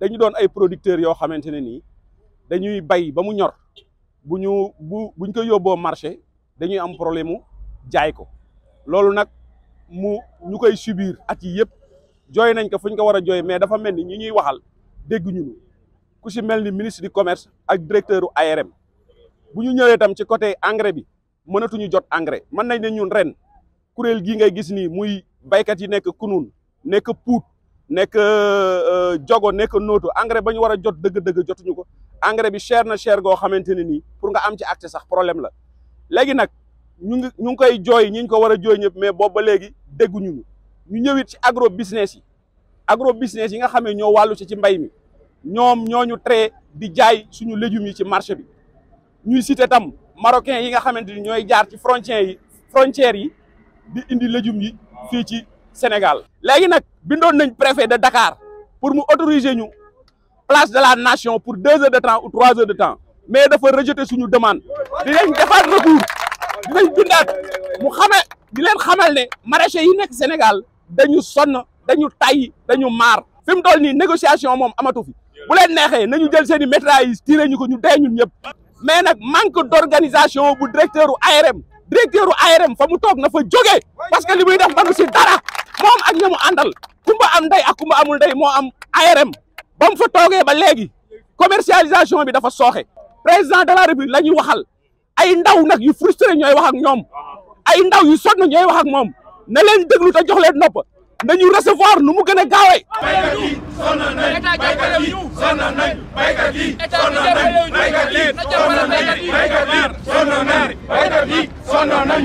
dañu doon ay producteurs yoo xamante ne nii dañuy bay ba mu ñor bu ñu bu buñ ko yóbboo marché dañuy am problème mu jaay ko loolu nag mu ñu koy subir at yi yëpp jooy nañ ko fu ñu ko war a jooy mais dafa mel ni ñu ñuy waxal dégg ñu ku si mel ni ministre di commerce ak directeur u ARM bu ñu ñëwee tam ci côté engrais bi mënatuñu jot engrais mën nañ ne ñun ren kuréel gii ngay gis nii muy baykat yi nekk kunun nekk puut nekk euh, euh, jogo nekk nootu engrais ba ñu war a jot dëgg-dëgg jotuñu ko engrais bi cher na cher goo xamante ne nii pour nga am ci accès sax problème la léegi nag ñu ngi ñu ngi koy jooy ñi ñu ko war a jooy ñëpp mais boobu ba léegi dégguñu ñu ñu ñëwit ci agro business yi agro business yi nga xam ne ñoo wàllu ci ci mbay mi ñoom ñoo ñu traité di jaay suñu légumes yi ci marché bi ñuy cité tam marocain yi nga xamante ni ñooy jaar ci frontières yi frontières yi di indi légumes yi fii ci. Sénégal léegi nag bindoon nañ préfet de Dakar pour mu autoriser ñu place de la nation pour deux heures de temps ou trois heures de temps mais dafa rejeter suñu demande dinañ defaat recours Il bindaat mu xame di leen xamal ne maraîchers yi nekk Sénégal dañu son, dañu tayyi dañu maar fi mu toll négociation moom amatu fi bu leen neexee nañu jël seen i mitrailleuse tiré ñu ko ñu dee ñun ñëpp mais nag manque d'organisation bu directeur u ARM directeur u ARM fa mu toog na fa jógee parce que li muy def manu si dara moom ak ñamu àndal kumba am ndey ak kumba amul ndey moo am ARM ba mu fa toogee ba léegi commercialisation bi dafa sooxe président de la république la ñuy waxal ay ndaw nag yu frustré ñooy wax ak ñoom ay ndaw yu sonn ñooy wax ak moom na leen déglu te jox leen nopp nañu recevoir nu mu gën a gaawee. baykat yi sonn nañ baykat yi sonn nañ baykat yi